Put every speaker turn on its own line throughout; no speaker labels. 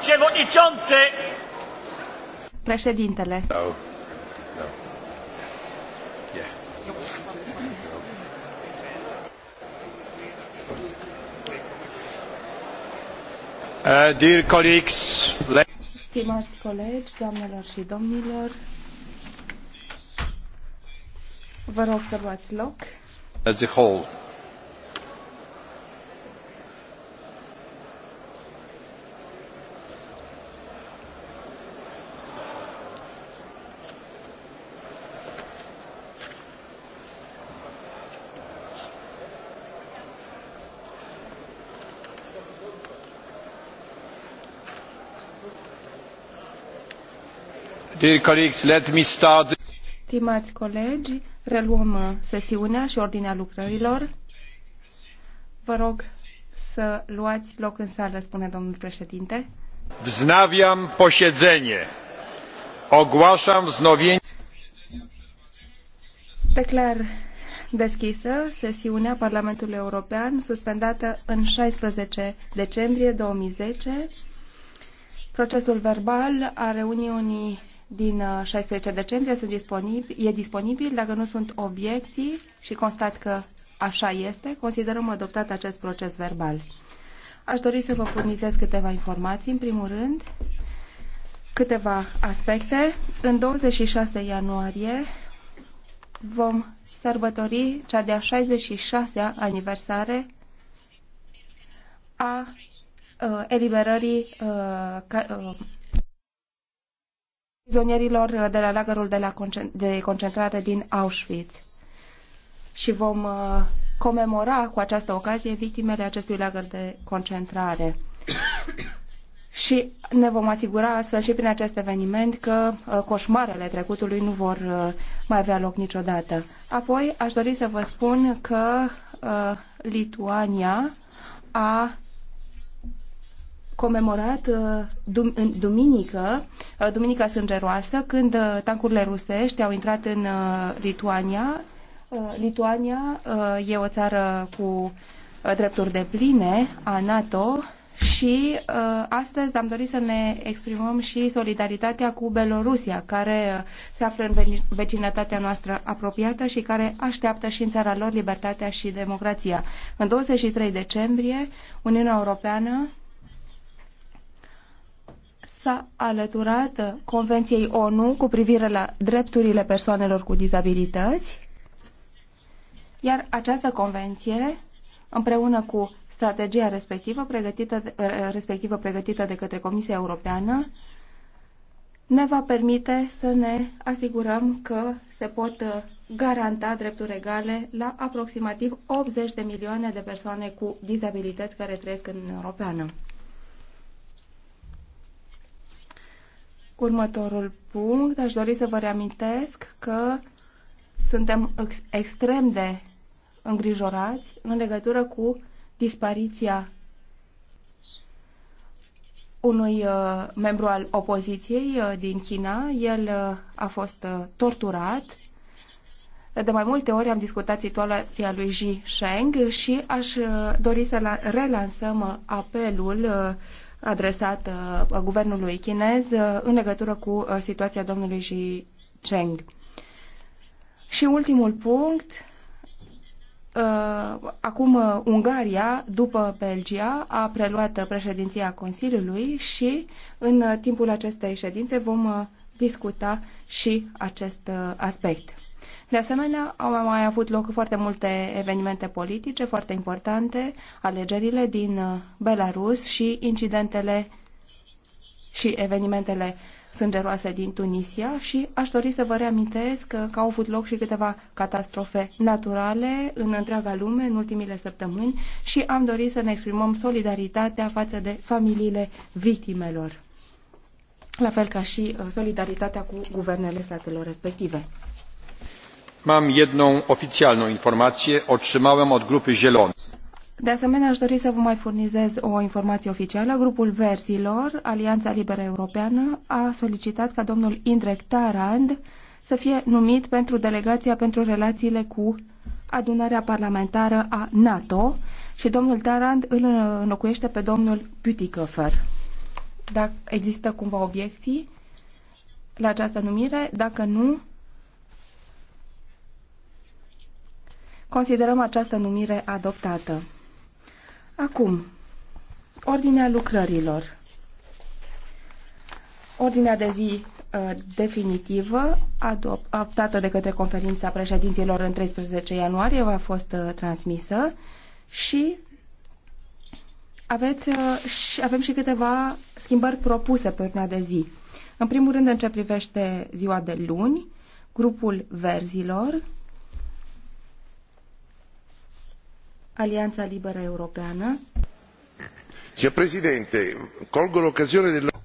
przewodniczący! Președintele. No. No. Yeah. Uh, dear colleagues, Stimați colegi, doamnelor și domnilor, vă rog să luați loc. At the whole. Dear colleagues, let me start. Stimați colegi, reluăm uh, sesiunea și ordinea lucrărilor. Vă rog să luați loc în sală, spune domnul președinte. Vznaviam posiedzenie. Ogłaszam wznowienie. Declar deschisă sesiunea Parlamentului European, suspendată în 16 decembrie 2010. Procesul verbal a reuniunii din 16 uh, decembrie sunt disponibil, e disponibil. Dacă nu sunt obiecții și constat că așa este, considerăm adoptat acest proces verbal. Aș dori să vă furnizez câteva informații. În primul rând, câteva aspecte. În 26 ianuarie vom sărbători cea de-a 66-a aniversare a uh, eliberării uh, prizonierilor de la lagărul de, la concentr- de concentrare din Auschwitz. Și vom uh, comemora cu această ocazie victimele acestui lagăr de concentrare. și ne vom asigura astfel și prin acest eveniment că uh, coșmarele trecutului nu vor uh, mai avea loc niciodată. Apoi aș dori să vă spun că Lituania a comemorat uh, în duminică, uh, Duminica Sângeroasă, când uh, tancurile rusești au intrat în Lituania. Lituania e o țară cu drepturi de pline a NATO și astăzi am dorit să ne exprimăm și solidaritatea cu Belorusia, care se află în vecinătatea noastră apropiată și care așteaptă și în țara lor libertatea și democrația. În 23 decembrie, Uniunea Europeană s-a alăturat Convenției ONU cu privire la drepturile persoanelor cu dizabilități, iar această convenție, împreună cu strategia respectivă pregătită, respectivă pregătită de către Comisia Europeană, ne va permite să ne asigurăm că se pot garanta drepturi egale la aproximativ 80 de milioane de persoane cu dizabilități care trăiesc în Europeană. următorul punct, aș dori să vă reamintesc că suntem ex extrem de îngrijorați în legătură cu dispariția unui uh, membru al opoziției uh, din China. El uh, a fost uh, torturat. De mai multe ori am discutat situația lui Ji Sheng și aș uh, dori să relansăm uh, apelul uh, adresat uh, guvernului chinez uh, în legătură cu uh, situația domnului Xi Cheng. Și ultimul punct, acum Ungaria, după Belgia, a preluat președinția Consiliului și în timpul acestei ședințe vom discuta și acest aspect. De asemenea, au mai avut loc foarte multe evenimente politice foarte importante, alegerile din uh, Belarus și incidentele și evenimentele sângeroase din Tunisia și aș dori să vă reamintesc uh, că au avut loc și câteva catastrofe naturale în întreaga lume în ultimile săptămâni și am dorit să ne exprimăm solidaritatea față de familiile victimelor, la fel ca și uh, solidaritatea cu guvernele statelor respective. Mam jedną oficjalną informację. Otrzymałem od grupy Zielony. De asemenea, aș dori să vă mai furnizez o informație oficială. Grupul Verzilor, Alianța Liberă Europeană, a solicitat ca domnul Indrek Tarand să fie numit pentru delegația pentru relațiile cu adunarea parlamentară a NATO și domnul Tarand îl înlocuiește pe domnul Butikofer. Dacă există cumva obiecții la această numire, dacă nu, Considerăm această numire adoptată. Acum, ordinea lucrărilor. Ordinea de zi uh, definitivă adoptată de către conferința președinților în 13 ianuarie va fost uh, transmisă și aveți, uh, avem și câteva schimbări propuse pe ordinea de zi. În primul rând, în ce privește ziua de luni, grupul verzilor Alianța Liberă Europeană.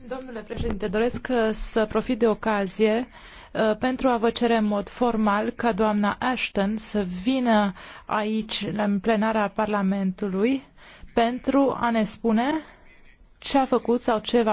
Domnule președinte, doresc uh, să profit de ocazie uh, pentru a vă cere în mod formal ca doamna Ashton să vină aici, în plenara Parlamentului, pentru a ne spune ce a făcut sau ce va